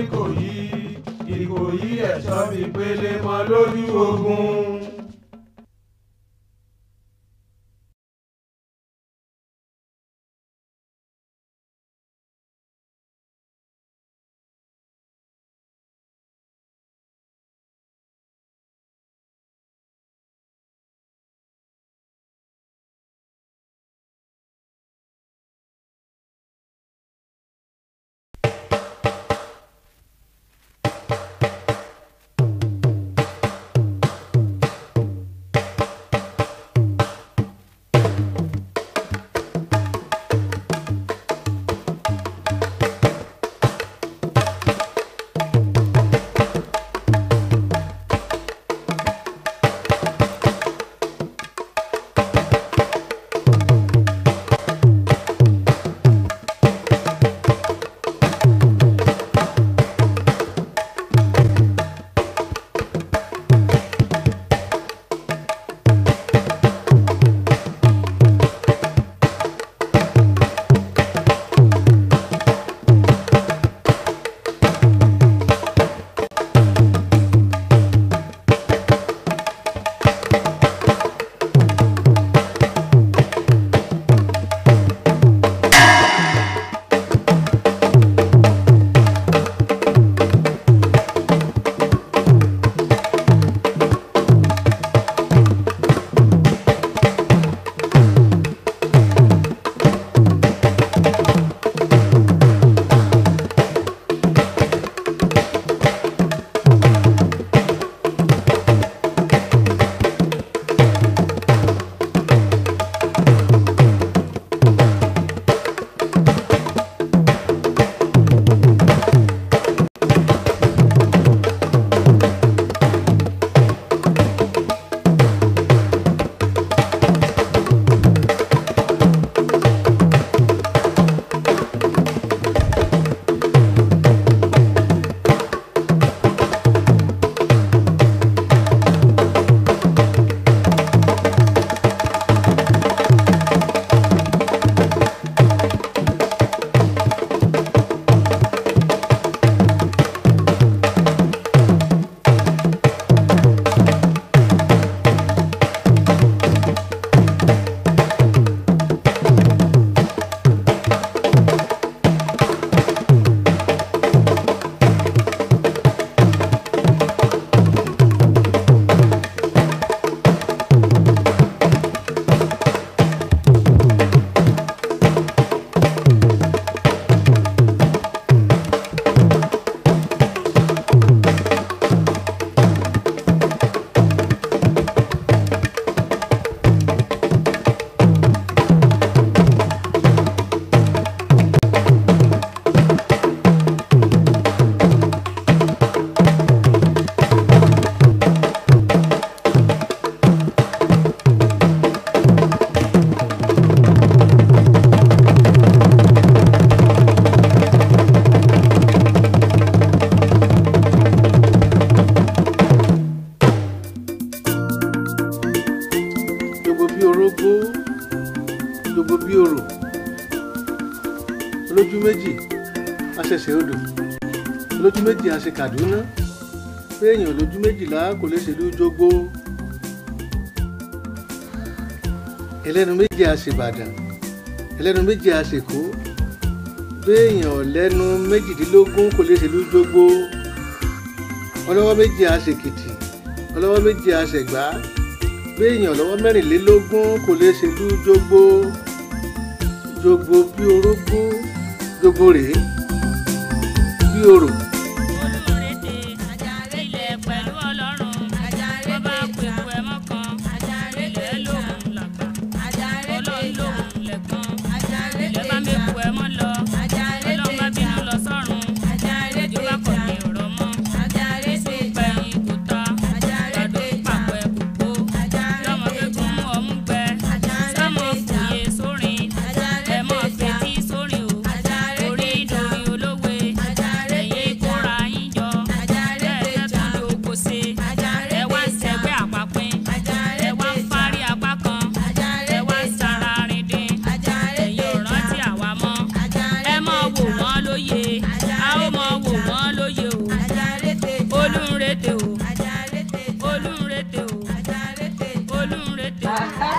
Ìkòyí Ìkòyí ẹ̀ṣọ́ mi pélé mọ́ lójú ogun. olójú méjì àṣẹ Kàdúná pé èèyàn olójú méjìlá kò lè ṣèlú jogbo ẹlẹ́nu méjì àṣẹ Ìbàdàn ẹlẹ́nu méjì àṣẹ Èkó pé èèyàn ọ̀lẹ́nu méjìdínlógún kò lè ṣèlú jogbo ọlọ́wọ́ méjì àṣẹ Èkìtì ọlọ́wọ́ méjì àṣẹ Ẹ̀gbá pé èèyàn ọlọ́wọ́ mẹ́rìnlélógún kò lè ṣèlú jogbo jogbo bí orógbó jogbo rèé bí orò. 拜拜。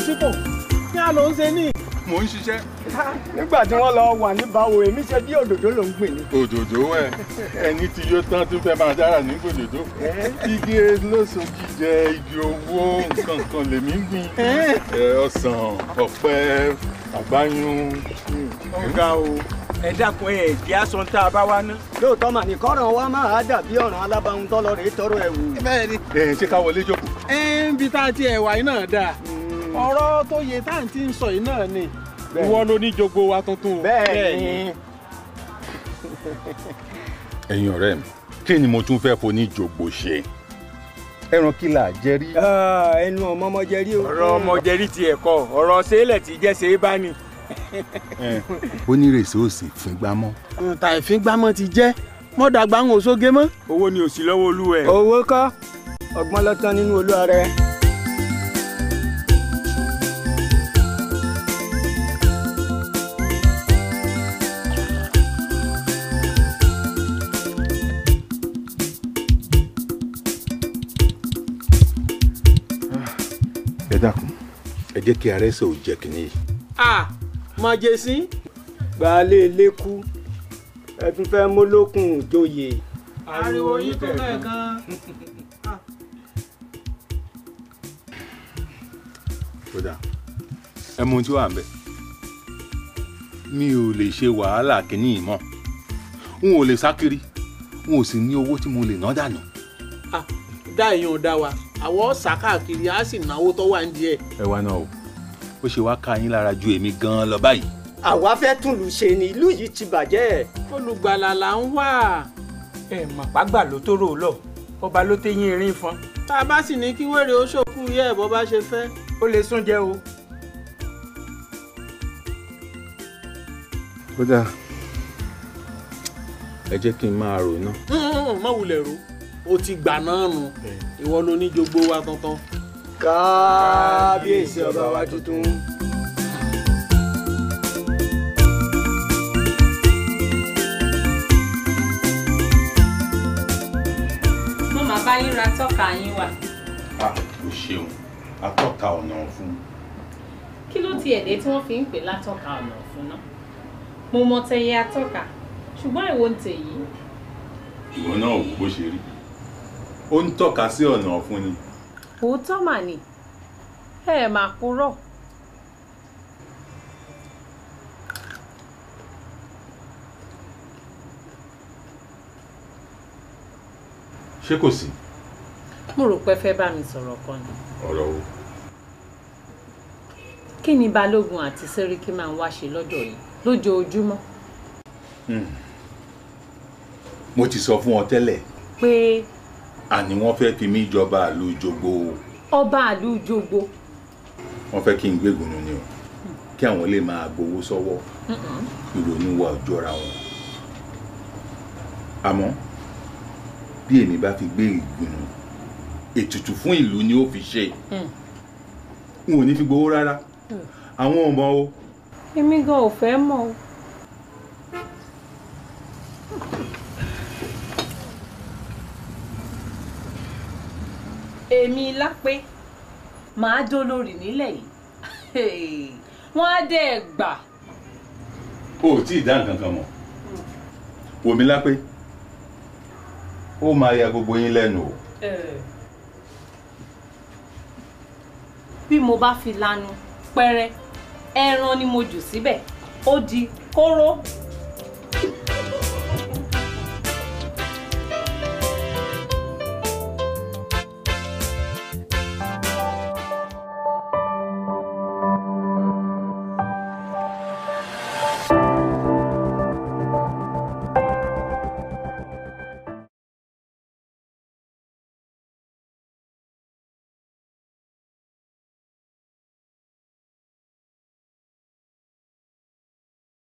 sípò kí a ń ṣe ní. mò ń ṣiṣẹ́. nígbà tí wọ́n lọ wà níbàwò èmi ṣe bí òdòdó ló ń gbè ní. òdòdó ẹ ẹni tí yóò tán tún fẹ́ máa dára ní òdòdó. igi lóṣogì jẹ igi owó nǹkan kan lèmi ń gbìn ọsàn ọ̀pẹ àgbáyún ọ̀gá o ẹ dákun ẹ di aṣọ tá a bá wá ná. lóòótọ́ mà ní kọ́ràn wa máa dàbí ọ̀ràn alábàáhùn tọ́lọ rèé ẹ̀ wò. bẹ́ẹ̀ ni. ẹ ṣé ká wọlé jókòó. ẹ ń bi tá a ti ẹ̀wà yìí náà dáa. Hmm ọ̀rọ̀ tó yẹ tá à ń ti ń sọ yìí náà ni ìwọ ló ní jogbo wa tuntun. bẹ́ẹ̀ ni. ẹ̀yin mi kí ni mo tún fẹ́ fo ní jogbo ṣe ẹran kìlà jẹrí. ẹnu ọmọ ọmọ jẹrí o. ọ̀rọ̀ ọmọ jẹrí ti ẹ̀kọ́ ọ̀rọ̀ ṣẹlẹ̀ tí jẹ́ ṣe é bá ní. onírèsè òsì fíngbámọ́. ta ìfíngbámọ́ ti jẹ́ mọ́dàgbà ń wò sóge mọ́. owó ni òsì lọ́wọ́ olú ẹ̀. owó kọ́ ọgbọ́n lọ́tàn nínú olú ara ẹ̀. dákun ẹ jẹ́ kí arẹ́sẹ̀ ò jẹ́ kínní yìí. a máa jẹ sí baálé ilé kú ẹ tún fẹ́ mólókùn òjòyè. ariwo yìí tó bẹ́ẹ̀ gan. kódà ẹ mú tí wàá bẹ mi ò lè ṣe wàhálà kínní mọ́ n ò lè sá kiri n ò sì ní owó tí mo lè ná dànù. dá èèyàn dá wa àwọn ọ̀sà káàkiri á sì náwó tọ́wọ́ à ń di ẹ̀. ẹ wá náà o ó ṣe wá ká yín lára ju èmi gan-an lọ báyìí. àwa fẹ́ tún lù ṣe ni ìlú yìí ti bàjẹ́. olùgbàlà là ń wà. ẹ màpá gbà ló tó rò ó lọ ọba ló téyín erin fọn. tá a bá sì ní kí wèrè ó ṣòkú yẹ ẹ bó bá ṣe fẹ́. ó lè sún jẹ o. kódà ẹ jẹ́ kí n máa rò náà. má wulẹ̀ rò ó ti gbà náà nù ìwọ ló ní jogbo wa tuntun. kábíyèsí ọba wa tuntun. mo máa bá yín ra tọ́ka yín wá. a ò ṣeun atọ́ka ọ̀nà ọ̀fun. kí ló ti ẹ̀dẹ́ tí wọ́n fi ń pè látọ́ka ọ̀nà ọ̀fun náà mo mọ tẹyẹ atọ́ka ṣùgbọ́n ìwọ ń tèyí. ìwọ náà wò bó ṣe rí ó ń tọ́ka sí ọ̀nà ọ̀fun ni. òótọ́ mà ní ẹ ẹ̀ máa ṣé kò sí. mo rò pé fẹ́ bá mi sọ̀rọ̀ kan ni. ọ̀rọ̀ o. kí ni balógun àti sẹ́ríkì máa ń wá ṣe lọ́dọ̀ yìí lójoojúmọ́. Hmm. mo ti sọ fún ọ tẹ́lẹ̀. pé. Pe àní wọ́n fẹ́ fi mí jọba àlú ìjogbo. ọba àlú ìjogbo. wọ́n fẹ́ kí n gbégun ni o kí àwọn lè máa gbowó sọ́wọ́ ìrònú wa ò jọra wọn. àmọ́ bí èmi bá fi gbé ìgbìmọ̀ ètùtù fún ìlú ni ó fi ṣe mm. n ò ní fi gbowó rárá mm. àwọn ọmọ o. èmi gan ò fẹ́ mọ̀ o. èmi lápé màá dolórí nílẹ̀ yìí wọ́n á dẹ́ ẹ gbà. o ò tí ì dá nǹkan kan mọ̀ wò mí lápé ó máa ya gbogbo yín lẹ́nu o. bí mo bá fi lanu pẹrẹ ẹran ni mo jù síbẹ̀ ó di kóró